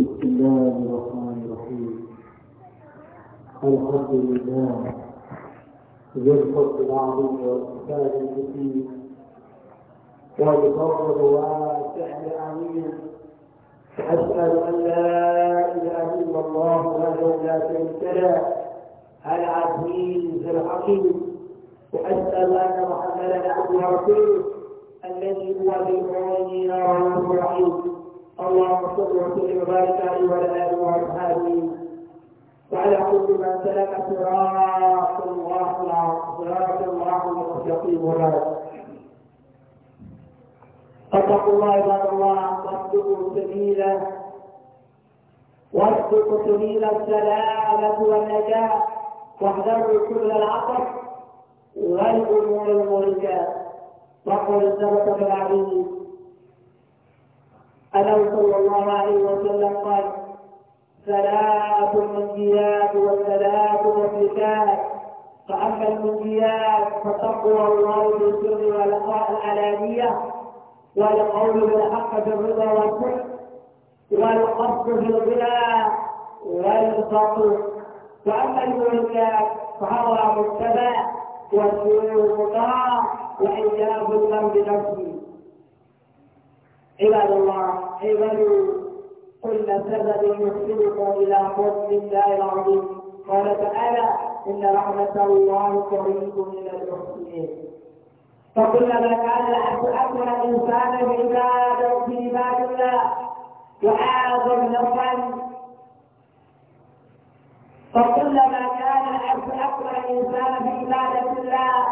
بسم الله الرحمن الرحيم الحمد لله ذي الفضل العظيم والكتاب المبين والفضل الواسع العظيم أشهد أن لا إله إلا الله وحده لا شريك له العزيز الحكيم وأشهد أن محمدا عبده ورسوله الذي هو يا رب العالمين اللهم صل وسلم وبارك عليه وعلى اله واصحابه وعلى كل من سلك صراط الله صراط الله المستقيم وبارك فاتقوا الله عباد الله واصدقوا سبيلا واصدقوا سبيل السلامة والنجاة واحذروا كل العطف والأمور المهلكة وقل ثبت بالعزيز أنه صلى الله عليه وسلم قال ثلاث منجيات وثلاث مفلسات فأما المنجيات فتقوى الله بالسر ولقاء العلانية والقول بالحق بالرضا والكفر والقصد بالغنى والفقر وأما المنجيات فهو مجتمع وسوء مطاع وإياه الذنب نفسه عباد الله عبادوا كل سبب يحسنكم الى حسن الله العظيم قال تعالى ان رحمه الله قريب من المحسنين فكلما كان اكثر انسان بعباده في عباد الله وعاظم نفعا فكلما كان اكثر انسان في عباده الله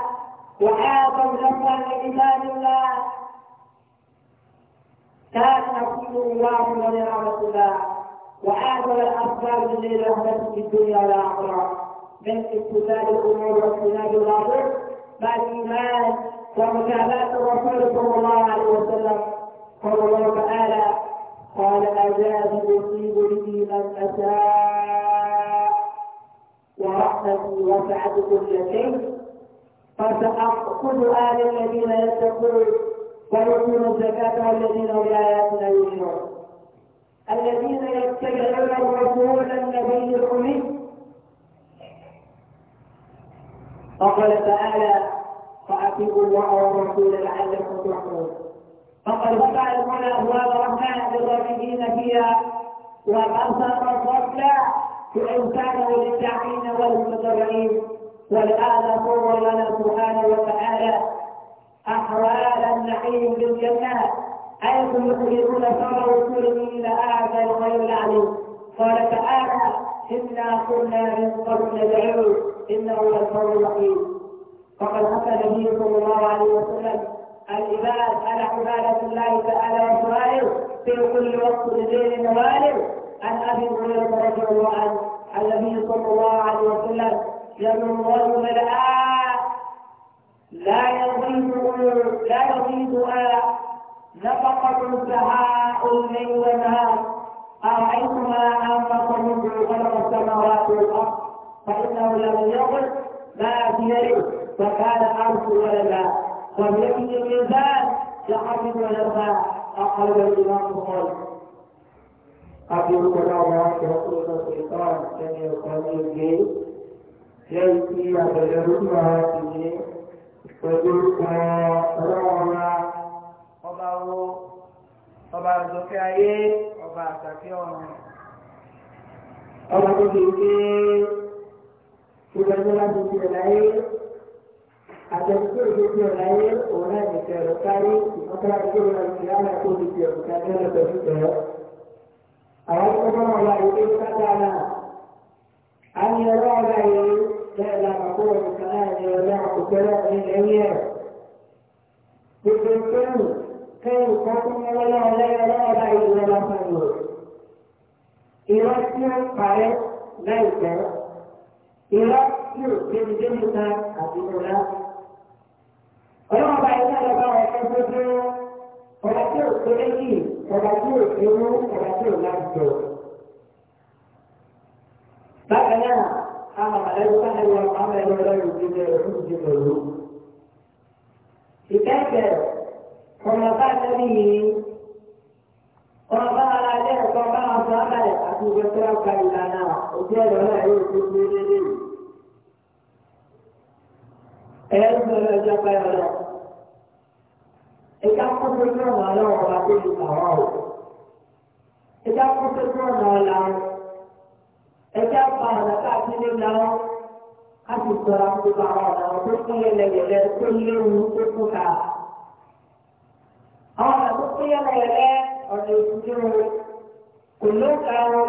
وعاظم نفعا لعباد الله كان رسول الله ولرحمة الله وآخر الأسباب لرحمته في الدنيا والآخرة من امتثال الأمور واجتناب الواجب مع الإيمان ومتابعة الرسول صلى الله عليه وسلم قال الله تعالى قال أجاب يصيب به من أشاء ورحمتي وسعت كل شيء فسأخذ آل الذين يتقون ويؤتون الزكاة والذين هم بآياتنا يؤمنون الذين يتبعون الرسول النبي الأمي فقال تعالى فأتيبوا الله والرسول لعلكم ترحمون فقد وقع هنا أبواب الرحمن للراشدين فيها وقصر الفضل بإمكانه للتعين والمتبعين والآن صور لنا سبحانه وتعالى أحوالا نعيم بالجنات حيث يخرجون ثمر رسول إلى هذا غير العليم قال تعالى إنا كنا من قبل ندعوه إنه للقول الرحيم فقد أتى النبي صلى الله عليه وسلم العباد على عبادة الله تعالى وسؤاله في كل وقت لدين موالد عن أبي هريرة رضي الله عنه عن النبي صلى الله عليه وسلم يمن الرجل لا لا يريدها نفقة سهاء الليل والنهار أرأيتما أنفقوا منذ خلق السماوات والأرض فإنه لم يقل ما في يده فكان أرض ولدا وبيده الإنسان يحفظ ولدا أقل الإمام قال أبيك الله يقول الشيطان كان يقول لي ليتي أبلغ ما في pẹ̀lú ọlọ́wọ́ra ọba owó ọba àgbọ̀fẹ́ ayé ọba àtàkì ọ̀run. ọba tó ti gbé ìgbàgbọ́ láti ti ọ̀láyé àtẹ̀síkò ìgbé ti ọ̀láyé òun náà ti tẹ̀rọ kárí ìfọ́tà àti ìgbà ìgbà ìgbà tó ti ti ọ̀gbìn kájọ́ lọ́dọ̀ fífẹ́. àwọn tó bá wọn wá ìgbé أن يرى غيري لا لا أقول الآن ولا أقول من عيال بالكل كيف قوم ولا لا يرى غيري ولا خير إرسل قريب ليس إرسل بالجنة أبينا ọlọ́ọ̀bá iná lọ́ba ọ̀sẹ̀ tuntun ọ̀dà tí ò tó léyìí ọ̀dà tí ò tó mú ọ̀dà tí ò láti sọ̀rọ̀. bákan náà a máa lẹ́nu sáà ìwà àwọn ẹ̀rọ ẹ̀rọ ìdílé ẹ̀rọ ìdílé ẹ̀rọ. ìkẹ́kẹ̀ ọmọ bá tẹ́lẹ̀ yìí ọmọ bá ara ilé ẹ̀kọ́ bá wọn sọ abẹ́rẹ́ àti ìgbésẹ̀ ọgbà ìlànà ojú ẹ̀rọ náà yóò tó gbé lélẹ̀ yìí. ẹ̀rọ ìgbésẹ̀ ọjọ́ pẹ́ ọ̀rọ̀ ẹ̀ka kókó tó ọ̀nà ọlọ́wọ́ wa tó ti kàwá o ẹ̀ka kókó tó ọ̀nà ọ̀làwọ́ ẹjẹ́ pa àlàkà sílé lọ́wọ́ a sì sọ̀rọ̀ gbogbo àwọn ọ̀nà tó kún yẹlẹyẹlẹ tó léwu tó kún ká. àwọn ọ̀nà tó kún yẹlẹyẹlẹ ọ̀nà ìdúró kò ló ka o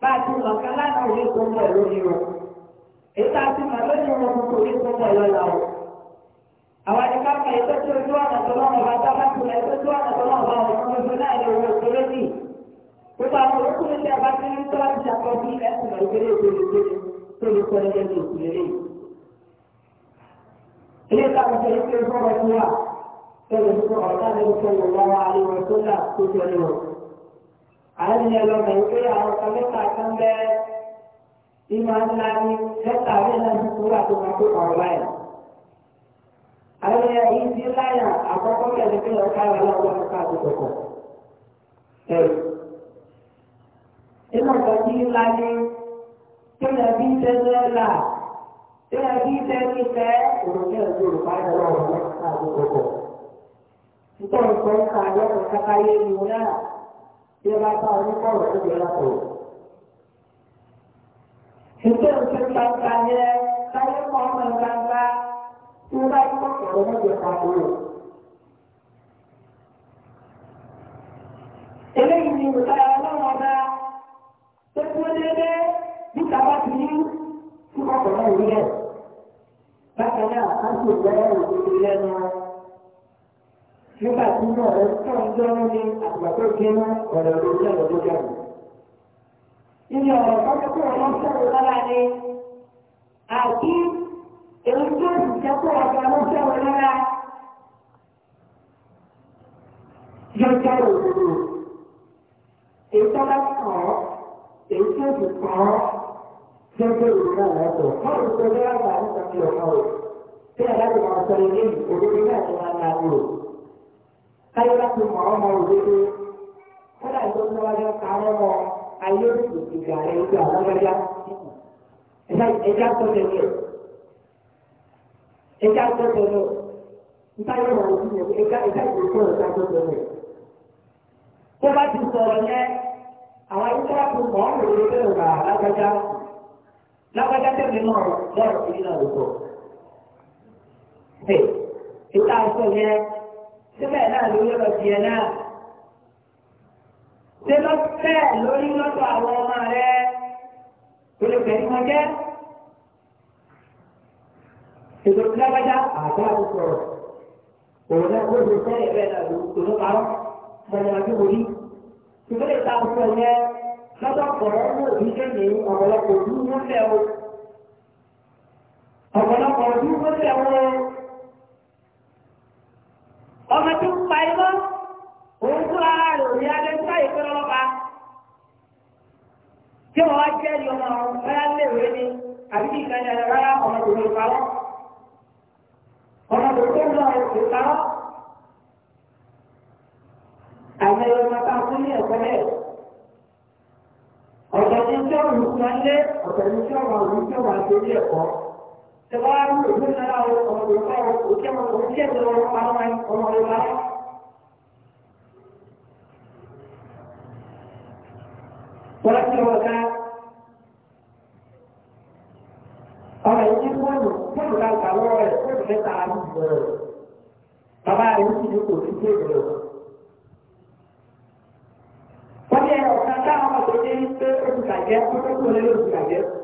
bá a ti mọ̀ ká lánàá òye tó ń bọ̀ lórí o èyí tá a ti mọ̀ lórí o kò òye tó ń bọ̀ lọ́la o. àwọn ẹ̀ka kan ètò tí ojú ọ̀nà tó lọ́wọ́ bá tá a bá tilẹ̀ ètò tí ọ̀nà tó lọ́wọ́ bá ọ̀nà tó lọ́wọ́ náà lè wo òkèlè bíi gbogbo àwọn olókùnrin tí a bá ti ń tọ́lá ti ṣàkọ bí ẹ̀sùn náà lókèrè ìgbèrè tó lè kọ́ lẹ́yìn ní òkú lélẹ̀. ilé ìtàkùn ṣe ike sọ̀rọ̀ fún wa tó lè fún ọ̀gá lè fún wọn wọn tó là tó jọ lè àwọn ènìyàn lọ mọ̀ wípé àwọn kan mẹ́ta kan bẹ́ ìmọ̀ ńlá ní mẹ́ta ní ẹ̀nà tuntun wà tó máa tó ọ̀rọ̀ báyìí. àwọn ènìyàn yìí ti láyà àkọ́kọ́ kẹ́lẹ́ nínú ńlá ni tí wọ́n fi tẹ́lẹ̀ là tí wọ́n fi tẹ́lẹ̀ fẹ́ òròkè ọ̀dọ́ ìbáyọ̀ lọ́wọ́ lọ́sàá àdúgbò. nítorí pé ń ka lọ́kọ̀ kákáyé ni wọn náà tí wọ́n bá bá oníkọ̀rọ̀ tó yẹ lọ́kọ̀. nítorí pé ń gbàgbà yẹ káyé ọmọ ìgbàgbà tí wọ́n bá yí kọ̀ọ̀kọ̀ wọn nígbà tí náà rẹ kàn jẹ́wọ́ ní àgbà tó gé mọ́ ọ̀rọ̀ tó jẹ́ ọ̀rọ̀ tó ọ̀rọ̀. Ibi ọ̀rọ̀ sọ̀rọ̀ lára ni àti èyí tó sì jẹ́ ọ̀gá ló sọ̀rọ̀ lára yóò jẹ́ òdodo. Èyí tó bá kàn ọ́, èyí tó sì kàn ọ́, jẹ́ pé ìlú náà lọ́tọ̀. Má lè sọ bí wọ́n bá ń sọ tí a bá máa sọ ilé òdodo náà tó máa ta wúlò káyé bá mọ ọmọ òdodo kódà tó ń wájú ká ọmọ ayé ìgbà rẹ ìgbà lọ́gbàjá ẹja tó tẹ̀lé ẹja tó tẹ̀lé nípa yóò wà lójú ìwé ẹja ẹja ìgbésẹ̀ ẹja tó tẹ̀lé tó bá ti sọ̀rọ̀ yẹn àwọn ayélujára tó mọ̀ ọ́n lòdì tó ń gbà lágbàjá tẹ̀lé náà lọ́rọ̀ pè ìta sọ yẹn síbẹ̀ náà ló yọ̀rọ̀ tiẹ̀ náà. ṣé lọ bẹ́ẹ̀ lórí lọ́dọ̀ àwọn ọmọ rẹ olùkẹ́ ni wọ́n jẹ́. ìdòtí lágbájá àti àwùjọ òun náà ó lè sẹ́yìn bẹ́ẹ̀ náà ló tó ló parọ́ mọ̀nyàmá tó wọlé. ṣùgbọ́n ìta sọ yẹn lọ́dọ̀ pọ̀rọ̀ ní òbí kéde ọ̀pọ̀lọpọ̀ ojú wọn fẹ́ o ọ̀pọ̀lọpọ̀ ojú wọn fẹ́ o ọmọ tó ń pa irọ́ òun fúnra rẹ̀ òní adé ń sáyé pé lọ́lọ́ba tí wọ́n wá jẹ́ ní ọmọ ọ̀rọ̀ léwé ni àbí kí ìkànnì ẹ̀rọ rárá ọmọ tó lè parọ́ ọmọ tó tó ń lọ òkè parọ́ àwọn ẹ̀rọ máa bá fún ní ẹ̀kọ́ bẹ́ẹ̀ ọ̀tọ̀ ní tí ọ̀rùn kan ní tí ọ̀rùn kan lé ọ̀tọ̀ ẹ̀kọ́ te va a dar un buen salario como lo pago, lo llamo como siempre lo pago ahí, lo pago. Por aquí lo acá. Ahora, yo tengo bueno, puedo dar calor, puedo dar calor. Papá, yo sí, yo sí, yo sí, Oye, o sea, estábamos, yo te dije, es un taller, ¿por qué tú le dices un taller?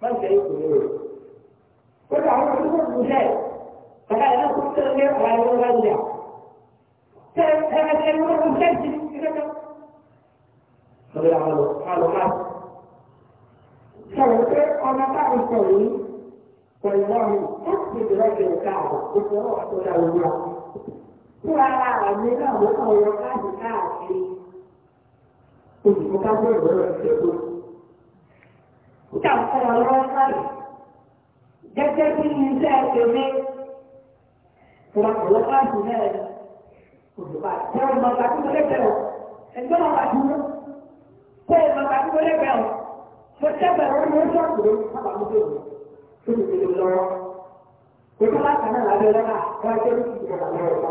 má ṣe é kúrò rẹ̀. kódà àwọn tó kọ̀ kú sẹ́ẹ̀ kàkà ẹ̀ náà kó tó ń gbé àwọn ẹ̀rọ wá lulẹ̀. ṣé ẹ ẹ ṣe wọ́n kú sẹ́ẹ̀ ti ní kẹ́kẹ́. lọ́dọ̀ àwọn lọ àwọn máa sọ̀rọ̀ pé ọmọ eu ń sọ yìí pẹ̀lú ọ̀hún eu sì bẹ̀rẹ̀ bẹ̀rẹ̀ káàdì ìfowó àtúndà òwúrọ̀. fún ara àmì náà ló kọ̀ wọ káàdì káàkiri. olùkọ́ bá bẹ̀rẹ̀ bẹ̀rẹ̀ ṣẹ́gun nígbà fún wọn gẹ́gẹ́ bí iṣẹ́ ẹgbẹ́ ìwà ọ̀wọ́ káàdì náà òdùbà tẹ ọ ma gbàgbé wọlé bẹ ọ ẹgbẹ́ wọn bá dúró tẹ ẹ ma gbàgbé wọlé bẹ ọ mo tẹ bẹ ọ mo sọ àgbèrè sábà tó o kò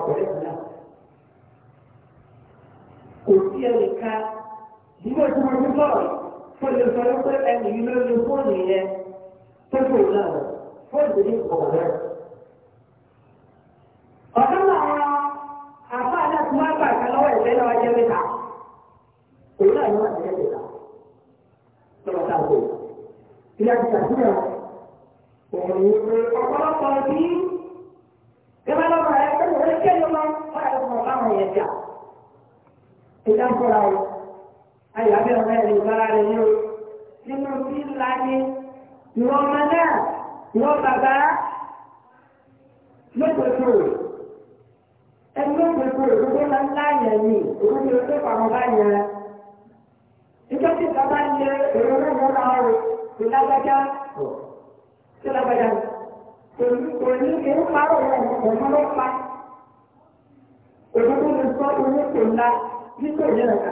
sí ẹnìkan tó lè sọ wípé ẹnì yìí ló fóònù yẹn tó kò náà fóònù yìí kò náà. ọ̀kan làwọn àfa náà tí wọ́n gbà kan lọ́wọ́ ìfẹ́ náà jẹ́ mẹ́ta òun náà ni wọ́n ti jẹ́ mẹ́ta ìyá ti ṣàfihàn òun ni ọ̀pọ̀lọpọ̀ bí ìgbà lọ́wọ́ rẹ̀ pẹ̀lú orí kẹ́lẹ́ wọn wọ́n yà lọ́wọ́ báwọn yẹn jà. ìjà ń kọ́ra o ayọ̀ abẹ́ ọ̀rẹ́ rẹ̀ ìgbára rẹ̀ ní o nínú tí ńlá ni ìwọ ọmọ náà ìwọ bàbá lókòókò ẹni lókòókò òkúkó ńlá ńlá yẹn ni òkúkó òkúkó pàmò bá yẹn nígbà tí bàbá ń yẹ èrò náà mọ́ náà rò kò lágbájá kò lágbájá kò ní ewu parọ́ rẹ̀ ọ̀mọ́ ló pa òkúkó lè sọ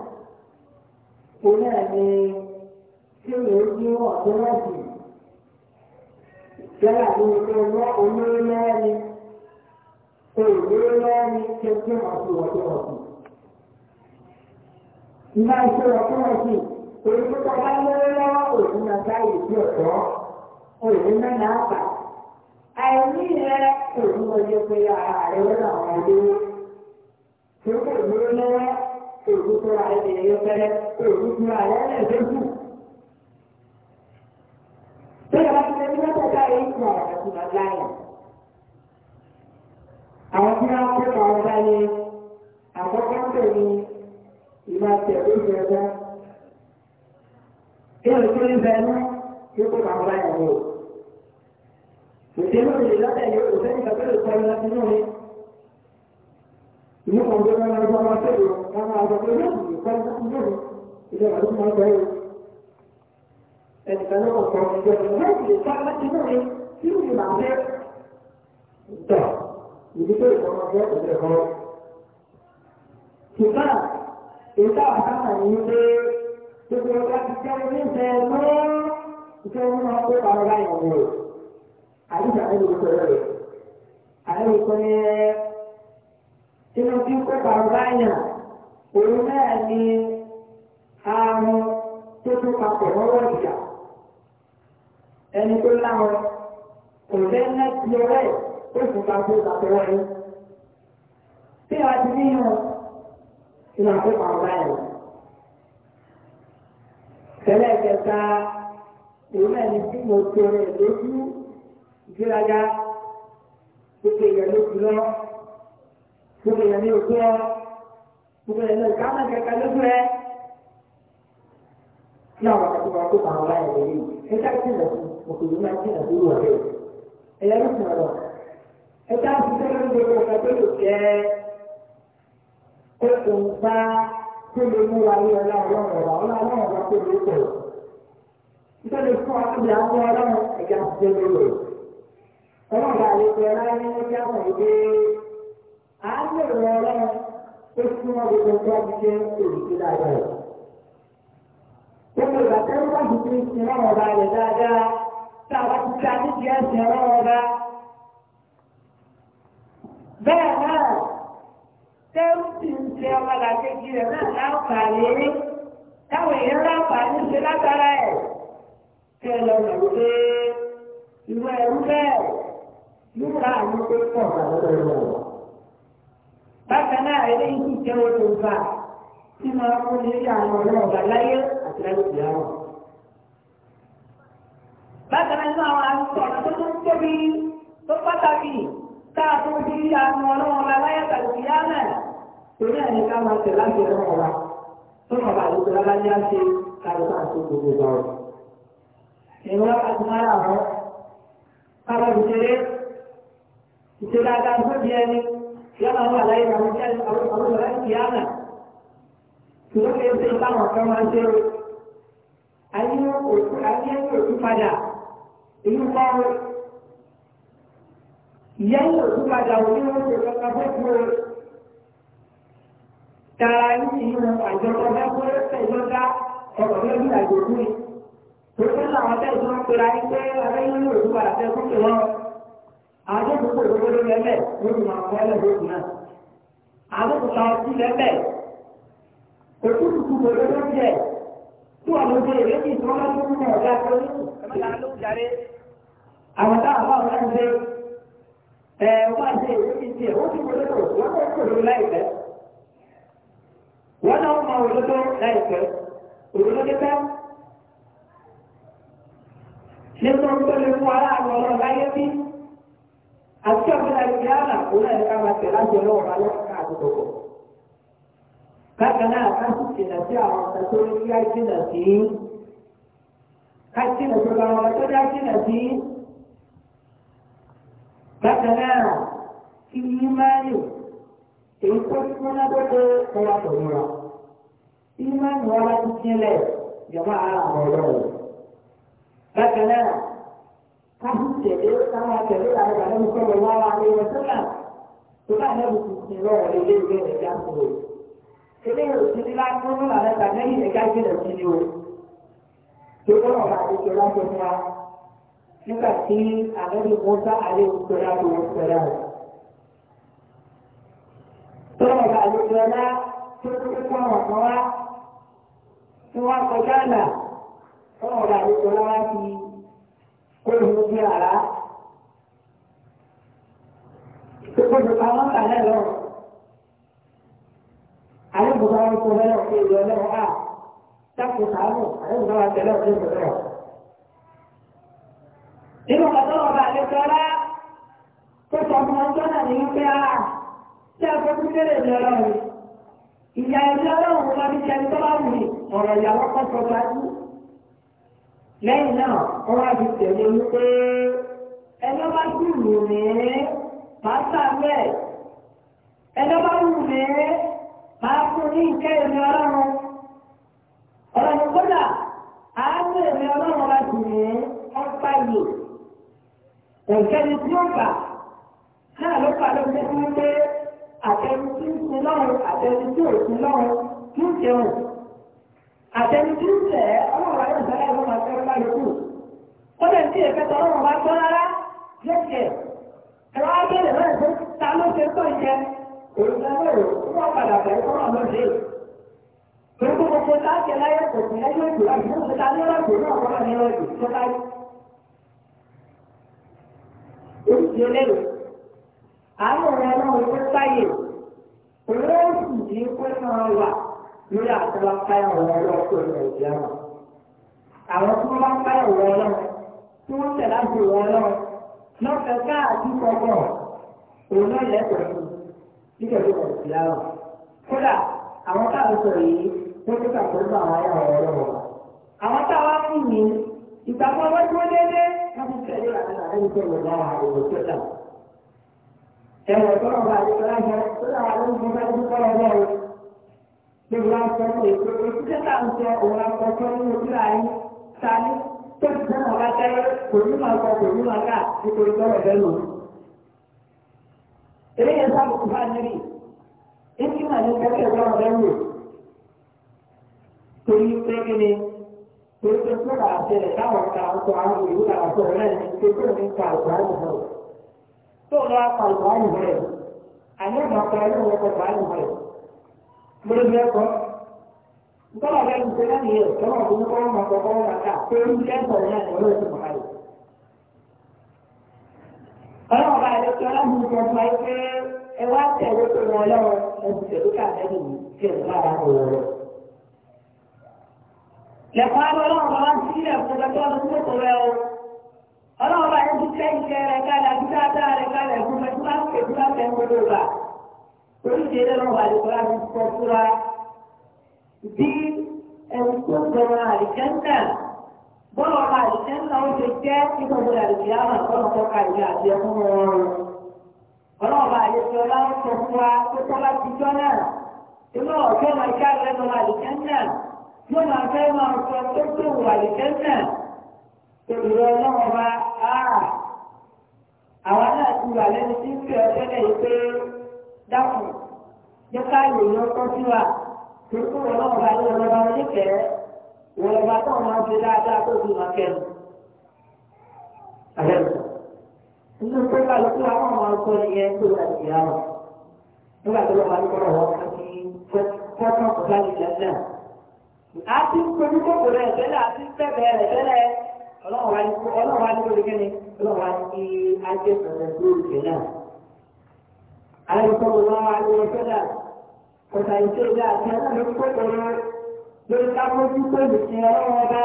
òun náà ni kí ni ó dín wọ̀ tó láti yálà tó ń pè wọ́n olóró lẹ́ni olóró lẹ́ni tó tó wọ́n sí wọ́n tó wọ́n sí. Ìgbà ìṣe wọ́n tó wọ́n sí èyí tó kọ́ bá lóró lọ́wọ́ òun náà báyìí sí ọ̀tọ̀ òun náà náà bà òògùn tó ra ẹsẹ̀ ẹ̀yọ fẹ́rẹ́ òògùn tó ra ẹ̀yẹ ẹ̀fẹ́ jù. Bẹ́ẹ̀ bá ti lè ní mẹ́tẹ̀ káyé ìkọ̀ àti màláyà. Àwọn tí wọ́n fẹ́ kọ́ ọ̀rọ̀ láyé àkọ́kọ́ ń pè ní ìmọ̀ tẹ̀lé ìjọba. Kí ló tó ń bẹ ní kí kò máa bá ìyàwó? Òṣèlú òṣèlú lọ́tẹ̀ yóò kò sẹ́yìn kàkẹ́lẹ̀ kọ́ ìlọ́sí náà ní. Ìmú kan tó lọ́wọ́ ọjọ́ àwọn àgbẹ̀gbẹ̀ náà kọ́ ọdún ilé ọdún náà bẹ̀rẹ̀ ẹnìkan náà kọ́ ọdún náà láti lè ká láti náà ní tí ó lè máa fẹ́ tọ̀ ìdí tó ìkọ́mọ fẹ́ òde kọ́. Kìkà ìta àkàtà yìí pé gbogbo ọjà ti jẹ́ ní ìfẹ́ lọ́wọ́ ìfẹ́ nínú ọkọ̀ ìpàdé láì wọ̀ rẹ̀. Àyíká ẹni ìfẹ́ rẹ̀ òun náà ni ààrùn tó tún papọ̀ mọ́wọ́ ìjà ẹni tó láwọn kò fẹ́ ná ti ọwọ́ ẹ̀ tó fún papọ̀ àtọwọ́ ẹ̀ tí a ti níyàn ìlànà tó pa ọ̀gá tẹ́lẹ̀ kẹta òun náà ni bí mo tó rẹ̀ lójú ìgbéraga gbogbo èèyàn ló ti lọ gbogbo èèyàn ní òkú ọ gbogbo ẹ̀ lọ́ọ̀ káwọn kẹ̀kẹ́ ló fẹ́ kí àwọn akẹ́kọ̀ọ́ tó máa wá ẹ̀rọ yìí ẹ̀ka ìtìlẹ̀ òkèlú máa tìlẹ̀ tó wọ̀ ẹ̀ ẹ̀yà ló sùn ọ̀rọ̀ ẹ̀ka ìtìlẹ̀ ló ń gbogbo ọ̀gá tó lò jẹ́ okùnfà tó lè mú wa ní ọlá ọlọ́run ọ̀rọ̀ ọlá ọlọ́run ọ̀rọ̀ tó lè pọ̀ nítorí fún wa tóbi àwọn ọlọ́run ẹ̀ka ìtìlẹ̀ ló lò ọlọ́run àlejò ọlá ẹni ní kí ó súnmọ́ gbogbo tó ti ṣe òṣìṣẹ́ dáadáa rẹ̀. Gbogbo ìgbà tó ń bá gbogbo ìsìn náà ọba rẹ̀ dáadáa tá a bá ti ká ọba. Bẹ́ẹ̀ náà, tẹ́rù sì ń ṣe ọmọlàkejì rẹ̀ náà láǹfààní táwọn èèyàn láǹfààní ṣe látara ẹ̀ bákan náà eléyìí ti jẹ́ olùgbà tí máa kó ní àwọn ọ̀rọ̀ ọ̀gá láyé àti láyé ìyá wọn. bákan náà nínú àwọn àrùkọ̀ ọ̀nà tó tún tóbi tó pàtàkì káàtó bí àwọn ọ̀rọ̀ ọ̀gá láyé àti ìyá náà torí ẹni ká máa tẹ̀ láti ẹ̀rọ ọ̀la tó mọ̀ bá àlùkò lábájá á ṣe káàtó àti gbogbo ìgbà ọ̀rọ̀. àti máa rà wọ́n káwọn ìṣeré ìṣeré adágún yálà wà láyé àwọn ìjà àwọn ọ̀rẹ́ ìyáàlà ṣùgbọ́n kí n ṣe táwọn kan máa ń ṣe o ayé òkú ayé kau padà inú kọ́ o ìyá òkú padà òní wọn kò lọ́ka fẹ́ fún o tara yìí ìlú àjọ ọ̀gá kó ẹ̀jọ́ dá ọ̀rọ̀ lórí àjòkú ni. Òṣèlú àwọn kau pera ẹgbẹ́ aráyé òkú padà fẹ́ fún ìwọ́n àti ìdókòwò ìdókòwò lórí ẹlẹ lórí màá fọ ẹlẹ lórí náà àti ìdókòwò ọtí lẹlẹ òtún tuntun kò lórí oúnjẹ tí wọn lóde èrè ní ìtọ́lá tó ń bọ̀ ọ̀gá tó ní. àwọn táwọn bá wọn ṣe ẹ wọn ṣe èrè ní tiẹ̀ wọn ti kò lórí wọn kò kò lórí láìpẹ́ wọn náà máa òdodo láìpẹ́ òdodo kẹta àti ọ̀gbìn àìsíára òun náà ní ká máa tẹ̀lé àjọ lọ́wọ́ bá lọ́wọ́ ká àti gbogbo. bákan náà ká sì jìnà sí àwọn ọ̀sán tó ní ká jìnà sí ká jìnà sí ọ̀gá ọ̀gá tó dá jìnà sí. bákan náà kí ní máa yò èyí tó súnmọ́ gbogbo ọ̀rọ̀ àtọ̀mọ́ra. ìmọ̀ ìwọ́n bá ti sílẹ̀ jọba àwọn ọ̀rọ̀ rẹ̀. bákan náà káàkiri tẹ̀lé káwọn ti pamọ́ kàlẹ́ lọ́rọ̀ àyè bùkà wọn kò ìlú ọlọ́run á sáfù sàánù àyè bùkà wọn ọlọ́run. nínú ọ̀dọ́ ọba tó bá wù ọ̀rọ̀ ìyàwó kan sọ gbajú. lẹ́yìn náà wọ́n wá fi tẹ̀lé wípé ẹjọ́ bá dùn mí máa sàmẹ́ ẹjọ́ bá wù mí máa fún ní ìkẹ́ èmi ọlọ́run ọlọ́run kódà àánú èmi ọlọ́run bá sì mú ọgbà yìí òǹkẹ́ni tí ó gbà náà ló pa ló ṣe fún pé àtẹni tí ń sin lọ́run àtẹni tí ò sin lọ́run tí ń jẹun àtẹni tí ń tẹ̀ ọlọ́run bá yóò sọ́lá ìwọ́n máa tẹ́ ọ bá yòókù ó lè ti èkẹ́tọ̀ ọlọ́run bá tọ́ rárá yóò jẹ́ ẹ̀rọ tó ta ló bá káyọ̀ ọlọ́run, tí wọ́n tẹ̀ láti ọlọ́run lọ́kẹ̀ káàdì kọ̀kọ̀ òun náà yẹ pẹ̀lú nítorí ọ̀rọ̀ sí láwọ̀. kódà àwọn káàdì sọ̀rọ̀ yìí wọ́n ti kà pẹ̀lú àwọn ayé ọ̀rọ̀ ọlọ́wọ́. àwọn táwa ń mú mi ìgbàgbọ́ wọ́n dúró wọ́n ti tẹ̀lé àtàlà ẹni tó lò lára àwòrán tó dà. ẹ̀wọ̀n tó lọ́ba àdìgbò láṣẹ tó ń fún ọba tẹ́lẹ̀ kò ní máa kọ kò ní máa ká nítorí tọ́lọ̀ ẹ̀fẹ́ nù. Èmi yẹn sábà kò bá níbi ìdí màá ní kẹ́kẹ́ tọ́lọ̀ ẹ̀fẹ́ nù. Torí pé kí ni torí pé tó bá tẹ̀lẹ̀ táwọn ká ọkọ̀ àwọn ìlú làwọn tó rẹ̀ ní pé tó ní ka ìgbà yìí bọ̀. Tó lọ apá ìgbà Nítorí ọ̀gá ẹni ṣe láti yẹ ọ̀gá ọ̀gá ọ̀gá ọ̀gá ọ̀gá ọ̀gá ọ̀gá ká pé orí kẹ́sọ̀ náà ọ̀rọ̀ ẹ̀sìn mọ̀ká yìí. Ọlọ́run ọba ẹ̀rọ tí ọlọ́run ń sọ fún wa pé ẹ wá tẹ̀lé tó wọn lọ́wọ́ ẹ̀sìn tẹ̀lé ká ẹ̀dì yìí kí ẹ̀sìn lára ọ̀rọ̀ rẹ̀. Lẹ̀kọ́ abọ́ ọlọ́run ọba wá sí ilẹ̀ fún ọjọ́ ọdún tó kọ̀ rẹ̀ o. Ọlọ́run ọba ẹni tẹ́ ìṣẹ́ rẹ̀ kalẹ̀ àti dáadáa rẹ̀ kalẹ̀ fún ẹ̀sìn láti kẹ̀sìn láti ẹ̀ bí ẹ̀wù tó gbẹ̀rẹ̀ àlìkẹ́ńtà bọ́ọ̀lù àlìkẹ́ńtà ó ṣe jẹ́ ìgbàgbọ́ àlìkẹ́ àwọn àkọ́nàkọ́ kàìlẹ̀ àti ẹkún wọn. ọlọ́ọ̀bà àyẹ̀fẹ́ ọlá ń sọ fún wa pé tọ́lá ti jọ́ náà inú ọ̀jọ́ máa ká lẹ́nu àlìkẹ́ńtà yóò máa fẹ́ máa sọ tó tó wù àlìkẹ́ńtà ìrọ̀ ọlọ́wọ́ bá a àwa náà ti wà lẹ́nu tí ń fi ọ̀tẹ́lẹ̀ yìí pé dákùn jẹ́ ká lè yọ sí wa tòkó ọlọ́run bá ló oníkẹ́ẹ́ wọ́n lọ́ba tó máa ń dáadáa tó fi máa kẹ́nu. nínú tó bá lọ sí àwọn ọmọ ọkọ nìyẹn tó lọ sí àwọn nígbà tó lọ́ba lọ́ba wọn kọ́ sí fọ́tọ̀ kọ́tà nìyẹn náà. A ti ń pẹ̀lú kókò rẹ̀ tẹ́lẹ̀ a ti ń tẹ̀bẹ̀ rẹ̀ tẹ́lẹ̀ ọlọ́run ní kókò kẹ́ni ọlọ́run ní ajé sọ̀rọ̀ lórí ìgbẹ́ náà. Àlẹ́ ọ̀sà ìṣèlú àti ẹlẹ́nu kòkòrò lórí káfójú pé lùsìn ọlọ́wọ́ ọba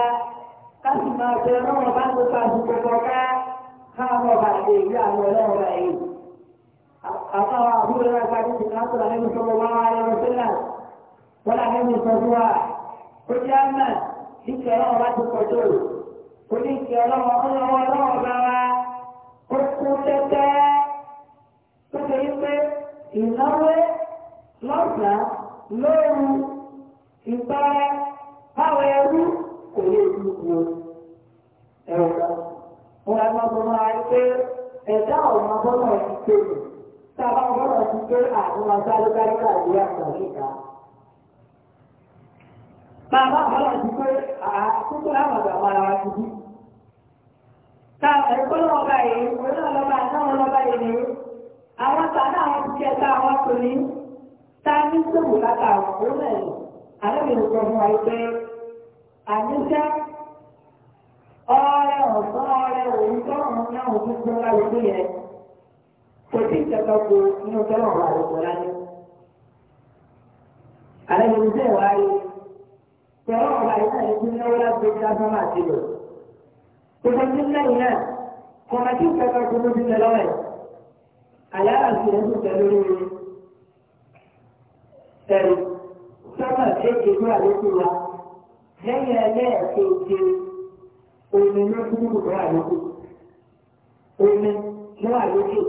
káàsì máa ṣe ọlọ́wọ́ ọba tó pa àdúgbò kọ̀ọ̀ká káwọn ọba àti èyí àwọn ọlọ́wọ́ ọba yìí. àtàwọn àbúrò náà pàdé ti ká sọ̀rọ̀ nínú sọ́wọ́ wá wá lọ́wọ́ sílẹ̀ wọ́n làwọn ẹni sọ fún wa ó jẹ́ àmà ìṣẹ́ ọlọ́wọ́ ọba ti pọ̀ tó ó ní ìṣẹ́ ọlọ́wọ́ ọlọ́wọ́ ọba wa ó kú tẹ́tẹ́ tó ṣe é pé ìnáwó lọ́sàn-án lóru ìpẹ́rẹ́ báwo ẹrú kò lè lu wo ẹ̀rọ kan. Wọ́n á máa bọ́mọ́ ayé pé ẹ̀dá ọ̀nà bọ́lọ̀ ti pé mi. Tábà bọ́lọ̀ ti pé àwọn asáré dáríkà ìwé àgbàlẹ̀ ìta. Bàbá bọ́lọ̀ ti pé àkókò àmàgbà wọn ara ti bí. Ta ẹ̀kọ́ lọ́wọ́ báyìí, òun náà lọ́ba àtàwọn lọ́ba yìí ni. Àwọn tàná àwọn ti kẹta àwọn tòní táàbí sọ̀rọ̀ bàtà ọ̀hún náà àlọ́bìnrin kan fún wa pé àníṣe ọ̀rẹ́ ọ̀sán ọ̀rẹ́ òun tó ọ̀hún náà òun tó ń láwùjọ tó yẹ kò sí ìjọba kó inú tọ́lọ̀ wà lọ́wọ́ lánàá. àlọ́bìnrin sẹ́ wá rí tọ́lọ̀ wà lọ́wọ́ ìlú náwó láti dá sọ́mà sí lò. gbogbo tí ń lẹ́yìn náà kọ̀mọ̀tì ìjọba kó ló ti tẹ̀ lọ́wọ́ ẹ̀ àyàrá sì ń tẹ̀ lórí rẹ̀ ẹ̀rù sọ́nà kéèké ní àlékún wa lẹ́yìn ẹlẹ́ẹ̀kejì omi ló dúdú ní àlékún omi ní àlékún.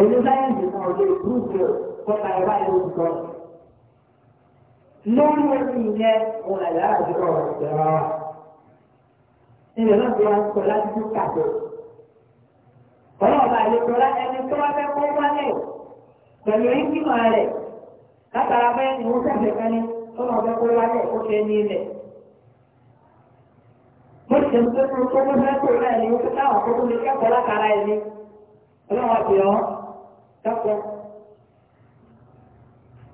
Oníbáyìí kan ọ̀dọ̀ ìgbúgbò kọ́ta ẹ̀wá ìlú nǹkan. Lórí omi yẹn, òun àyàrá àdúrà ọ̀rọ̀ ìjọba wa. Ilé náà ti wá ń sọ láti dúkàtọ̀. Ọlọ́ọ̀bá àlejò ọlá ẹni tó wá fẹ́ kó wálé pẹ̀lú ẹ̀ńkìmọ̀ rẹ̀ látara bẹ́ẹ̀ ni wọ́n sẹ̀fẹ̀ kan ní tó máa fẹ́ kó wálẹ̀ ó ṣe ní ilẹ̀. mo ti tẹ̀sí pé kó kó fẹ́ kó náà ni wọ́n fi táwọn akókó lè kẹ́kọ̀ọ́ látara ẹ̀ ní ọlọ́wọ́ àti ọ̀ kẹ́kọ̀ọ́.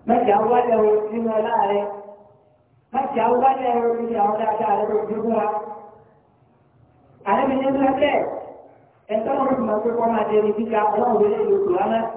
mẹ́tì awúwálẹ̀ o nínú ọlá rẹ̀ mẹ́tì awúwálẹ̀ o nínú àwọn dáadáa rẹ̀ tó dúró wa. àlẹ́ mi ní ẹgbẹ́ ẹ̀ńtọ́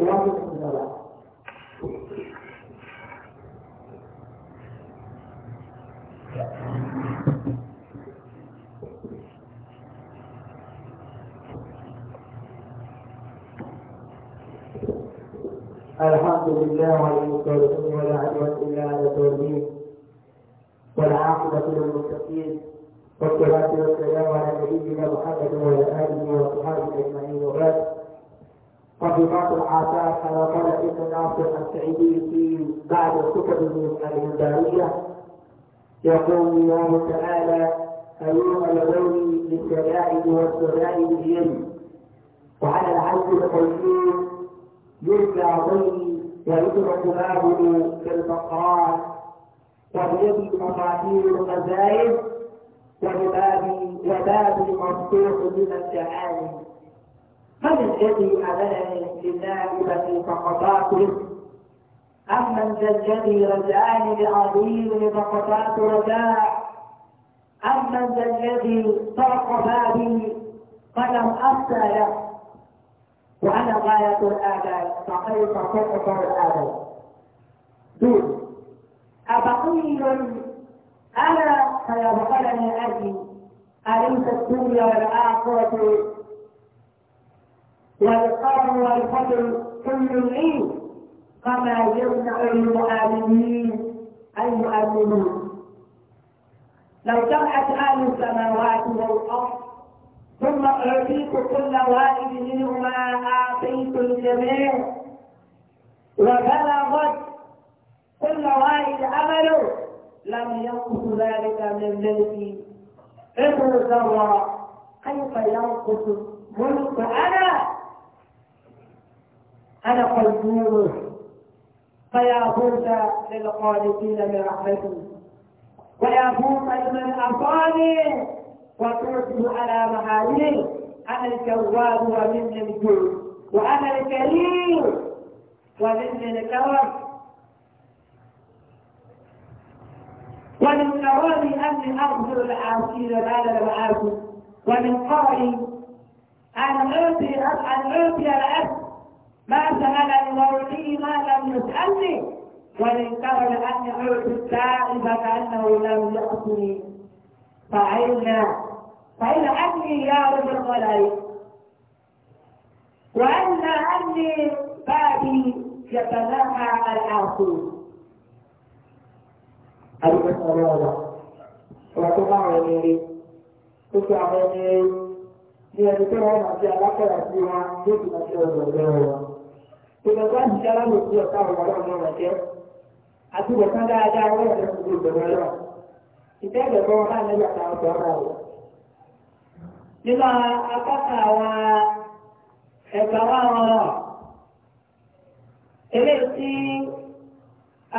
الحمد لله والمستغفرين ولا عدوان الا على الظالمين والعاقبة للمتقين والصلاة والسلام على نبينا محمد وعلى آله وصحبه أجمعين وبعد بعض الآثار كما كان ابن ناصر السعيدي في بعض كتبه الهندارية يقول الله تعالى أيها الغيب للشدائد والشدائد بهم وعلى العبد القيوم يلقى ضيقي ويترك كلابه في البقرات وبيدي مقادير الخزائن وباب وبابي مفتوح من التعالي من الذي أذنني لله التي فقطات أم من ذا الذي رجعني لعظيم فقطات رجاء أم من ذا الذي طرق بابي فلم أفتى له وأنا غاية الآداب فكيف تقطع الآداب دون أبقي أنا فيبخلني أبي أليس الدنيا والآخرة والقرن والقتل كل العيد كما يمنع المؤمنين أن يؤمنون لو جمعت أهل السماوات والأرض ثم أعطيت كل واحد منهما أعطيت الجميع وبلغت كل واحد عمله لم ينقص ذلك من ملكي عبر ذرة كيف ينقص ملك أنا أنا قيومه فيا فوز للخالقين من رحمتي ويا فوز لمن أعطاني وتعتب على محارمه أنا الجواب ومني الجود وأنا الكريم ومني الكرم ومن كرامي أني أغفر العاصين بعد المعاصي ومن قولي أن أعطي أن أعطي العبد ما سألني مولي ما لم يسألني ترى لأني عدت التائب كأنه لم يأتني فعلنا فإن أني يا رب الخلائق وأن أني بابي يتناهى العاصون أبي الله وتقع إليه تقع إليه ní ẹni tó wọ́n máa fi alákọ̀ọ́yà ìgbàgbọ́ àdìsí alámòsí ọ̀tá ọ̀rọ̀ ọ̀rọ̀ ọ̀rọ̀ jẹ́ àti ìwọ̀sán dáadáa wọ́n yẹ̀ lọ́sùn gbogbo ìgbẹ̀rẹ̀ lọ. ìfẹ́ ìgbẹ̀gbọ́ wọn láì lẹ́yìn àtàwọn ọ̀dọ́ ọ̀rọ̀ rẹ̀. nínú akọ́kọ̀ àwọn ẹ̀gbà wa wọn lọ eléyìí tí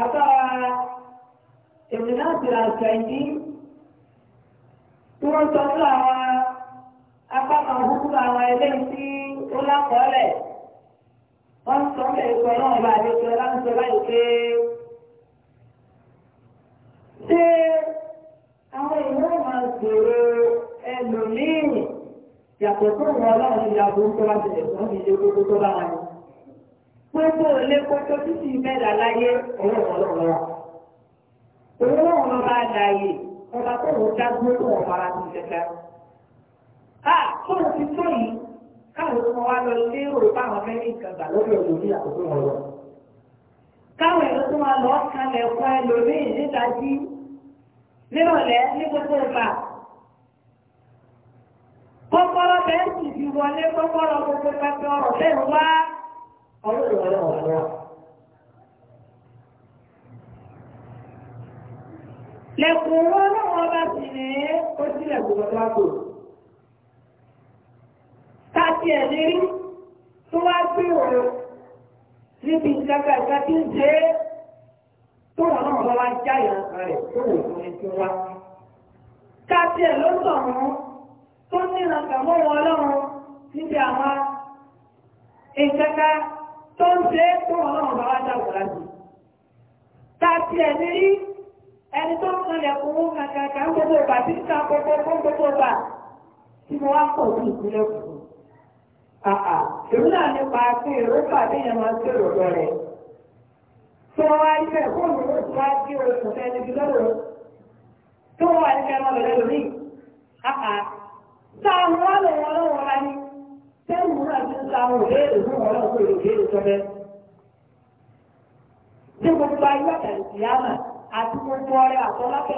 akọ́ èmi náà ti ra àṣà ìdí tí wọ́n sọ àwọn akọ́kọ̀ àwọn eléyìí tí ó lápọ̀ọ́lẹ̀ wọ́n sọ pé ìwé náà bá yẹ kí ọlá ń sọ báyìí pé ṣé àwọn ìwé máa gbèrò ẹlòmíì yàtọ̀ tó wọn ọlọ́run ti yàgò ń tọ́ra bẹ̀rẹ̀ fún mi lé gbogbo tó bá wọn ni. gbogbo ilé kótó títí mẹ́ta láyé ọlọ́run ọlọ́run lọ́wọ́. òun náà wọn bá láàyè ọba tó wọn dá gbogbo wọn fara sí a tó ti tó yìí tó káwọn èèyàn tó máa lọ kalẹ̀ kọ́ ẹlòmíì níta jí nírọ̀lẹ́ ní gbogbo ìgbà. kọ́kọ́rọ́ bẹ́ẹ̀ sì ti wọlé kọ́kọ́rọ́ gbogbo pẹpẹ ọ̀rọ̀ bẹ́ẹ̀ wá ọlọ́run ọlọ́run ọ̀rọ̀. lẹ́kùn wọn náà wọ́n bá sì ká sí ẹ̀ lérí tó wá gbé òru níbi ìjọba ìjọba tí ń ṣe é tó wọn náà lọ́wọ́ já ìrànkà rẹ̀ tó wò ó ní tí wá. ká sí ẹ̀ ló sọ̀rọ̀ tó ní ìrànkà mọ́ wọn lọ́rùn níbi àwọn ìjọba tó ń ṣe é tó wọn náà lọ́wọ́ já ìrànkà rẹ̀. ká sí ẹ̀ lérí ẹni tó ń kanlẹ̀ kó wọn kàkàkà ń gbogbo ìgbà tí ń ta gbogbo gbogbo ìgbà tí mo wá pọ̀ sí ìpínlẹ̀ kù àà ah, ah. èmi náà nípa pé ìrọ́pà téèyàn máa ń tèrò ọ̀dọ́ rẹ̀ tó wá ilé ẹ̀kọ́ mi ó ti wá gé oṣù fẹ́ni bí lọ́rọ̀ tó wá ilé ẹ̀rọ rẹ̀ lórí àà táwọn wá lò wọn lọ́wọ́ la ní tẹ́wù náà ti ń sáwọn òbéèrè fún wọn lọ́wọ́ pé òbéèrè sọ bẹ́ẹ̀. Ṣé gbogbo ayé ọ̀tẹ̀ ìyá mà àti gbogbo ọrẹ àtọ́lápẹ̀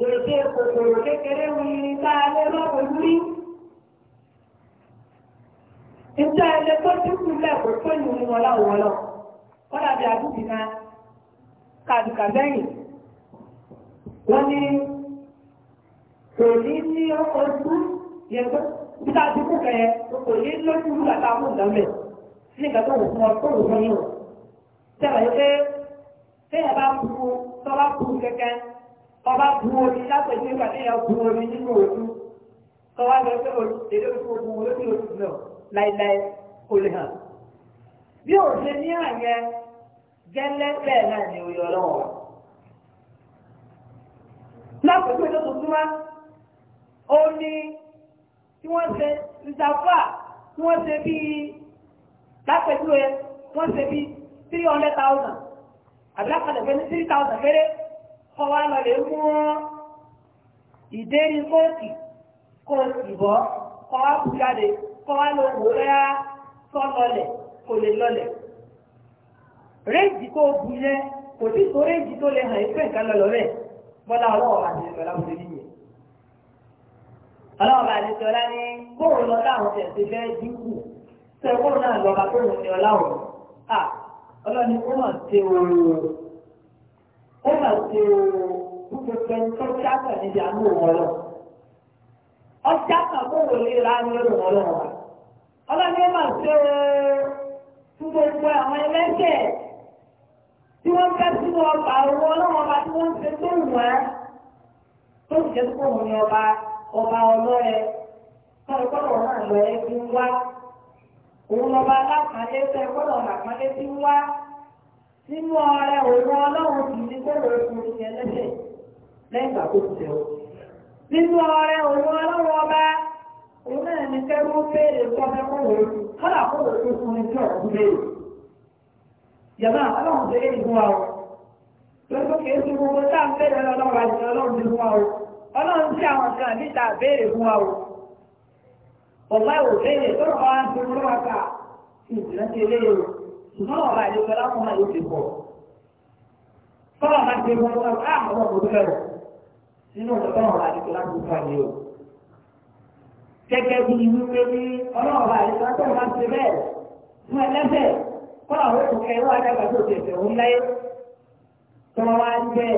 gbèsè kòkòrò kékeré wí tá a lè má fojú rí. Ìjọ ẹlẹ́ tó ti kú lẹ́kọ̀ọ́ tó yìí ní wọn láwọn lọ. Wọ́n dàbí àdúgbò náà kàdùkà lẹ́yìn. Wọ́n ní kò ní ní ọkọ̀ ojú yẹn tó bí tá a ti kú kẹ̀yẹ kò ní lójú rúgbà tá a mú ìdánwẹ̀ sí ìgbà tó wù fún ọ tó wù fún yìí. Sẹ́wọ̀n yìí pé téèyàn bá kú tọ́lá kú kẹ́kẹ́ ọba bu omi lápẹ̀jù nígbà tí èèyàn bu omi nínú òkú tọ́wá lọ pé èdè òkú ogun olóṣù lóṣù náà láíláí kò lè hàn. bí ò ṣe ní àyẹ gẹ́lẹ́ bẹ́ẹ̀ náà ni òye ọlọ́wọ́. lápẹ̀jù èdè òkú wá ó ní tí wọ́n ṣe ìsàfà tí wọ́n ṣe bíi lápẹ̀jù ẹ wọ́n ṣe bíi three hundred thousand àbí lápẹ̀jù ẹ ní three thousand fẹ́rẹ́ kọ́ wá lọ lè mú ìdérí kóòtì kó o sì bọ́ kọ́ wá kú jáde kọ́ wá lọ wò rẹ́ sọ́ lọlẹ̀ kò lè lọlẹ̀ réèjì kó o bù yẹ kò sí so réèjì tó lè hàn ìpè nǹkan lọ rẹ̀ bọ́lá ọlọ́wọ́ àti ìṣọ̀lá mo lè ní yẹn ọlọ́wọ́ àti ní kóòrò lọ láwọn tẹ̀sí fẹ́ dínkù tẹ̀ kóòrò náà lọ́ba kóòrò ní ọláwọ̀ ọlọ́ni ó hàn ṣe òòrùn ó mà ṣe o gbogbo pẹ̀lú tó ṣáàtà níbi àánú wọn lọ. ọjà kan kó wò lè ra ní ẹrù wọn ụmụ wa. ọlọ́ni mà ṣe o gbogbo àwọn ẹlẹ́ṣẹ̀ tí wọ́n fẹ́ sínú ọgbà owó ọlọ́wọ́ tí wọ́n ṣe tó wù tó ń ọba ọba ọlọ́rẹ gbọ́dọ̀ nínú ọrẹ òun ọlọ́run kì í kó lóore fún oṣù ẹlẹ́sẹ̀ lẹ́yìn tó ti tẹ̀ nínú ọrẹ òun ọlọ́run ọba òun náà ní kẹ́rù ó béèrè tó ọbẹ̀ kó lóore fún ní tí ọ̀rọ̀ béèrè. ọlọ́run ṣe é fún wa o kìí ṣe gbogbo tá ń béèrè lọ́lọ́run àti ọlọ́run ní fún wa ọlọ́run sí àwọn ṣùgbọ́n ọ̀la ìlúfẹ́ láwọn náà yóò ti pọ̀. Sọ́lá máa ti wọ́n sọ́rọ̀ á àwọn ọmọ òdúfẹ́ rẹ̀ nínú ọ̀dọ́ ọ̀la ìlúfẹ́ láti fà ní o. Gẹ́gẹ́ bí wípé ní ọlọ́ọ̀la ìlúfẹ́ láti máa ti bẹ́ẹ̀ fún ẹlẹ́fẹ̀ kọ́lá àwọn òkè ẹ̀rọ adágbà tó ti ẹ̀fẹ̀ òun láyé. Tọ́wọ́ wá ń bẹ́ẹ̀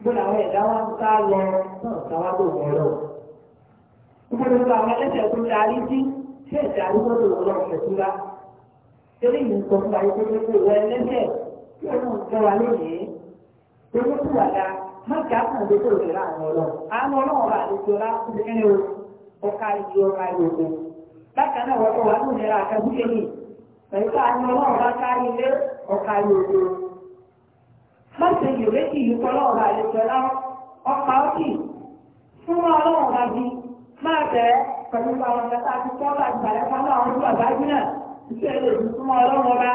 gbọ́dọ̀ àwọn ẹ̀dá wá ń sá lọ náà sáwá tó wọ̀ torí mi sọ fún ayé tó tó wọ ẹlẹ́dẹ̀ tí ó ń gbọ́ wa lónìí tó tó tó wà dá má kí á kàn tó tó lè ra àwọn ọlọ́ àwọn ọlọ́wọ́ bá lè jọra fún ẹni o ọkà ìlú ọkà ìlú oko bákan náà wọ́n kọ́ wa ló nira àkàbí kéwì pẹ̀lú àwọn ọlọ́wọ́ bá ká ilé ọkà ìlú oko má ṣe yòókì yìí kọ́ ọlọ́wọ́ bá lè jọra ọkà ọkì fún ọlọ́wọ́ bá bí má bẹ́ẹ̀ pẹ̀lú àwọn iṣẹ́ rẹ̀ ò súnmọ́ ọlọ́run ọba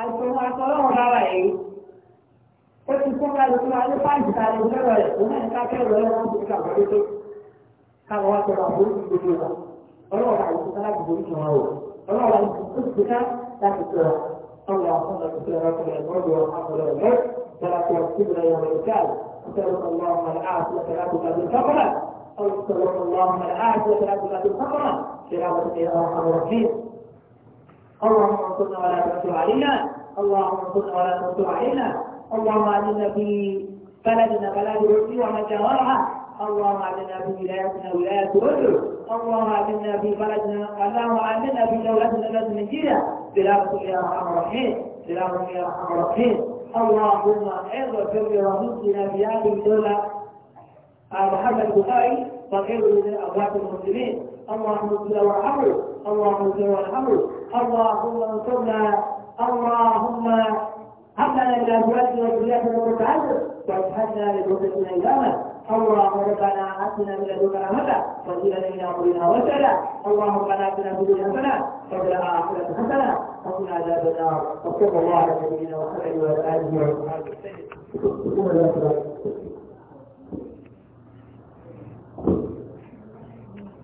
àìsàn aṣọ ọlọ́run ọba wà yìí ó ti kó kálí fún alẹ́ fáìlì ta ló fẹ́rọ̀ rẹ̀ òun náà ká kẹ́rọ̀ rẹ̀ wọ́n ti fi kàwé tó káwọn wá sọ̀rọ̀ àbúrò ti gbogbo wa ọlọ́run ọba àìsàn láti borí kan wa o ọlọ́run ọba àìsàn ti ká láti sọ̀rọ̀ ọlọ́run ọba àìsàn ti sọ̀rọ̀ ọkùnrin ọgbọ́dọ̀ àkọlọ̀ ọ̀gbẹ́ ثلاثة كبرى يوم الإنسان أسألك اللهم العافية ثلاثة ذات الفقرة أو أسألك اللهم العافية ثلاثة ذات الفقرة كرامة يا أرحم الراحمين اللهم انصرنا ولا تنصر علينا اللهم انصرنا ولا تنصر علينا اللهم اعنا في بلدنا بلد رشدي ومن جاورها اللهم اعنا في بلادنا ولاية رشد اللهم اعنا في بلدنا اللهم اعنا في دولتنا بلد نجيرة برحمتك يا ارحم الراحمين برحمتك يا ارحم الراحمين اللهم اغفر لرئيسنا في هذه الدولة محمد البخاري فقير من ابواب المسلمين اللهم اغفر وارحمه اللهم اغفر وارحمه اللهم انصرنا اللهم هب من ازواجنا وذرياتنا قرة اعين واجعلنا للمتقين اماما اللهم ربنا اتنا من لدنك رحمه وهب لنا امرنا وسلا اللهم لا تنا بدون حسنه وفي الاخره حسنه وقنا عذاب النار وصلى الله على نبينا محمد وعلى اله وصحبه وسلم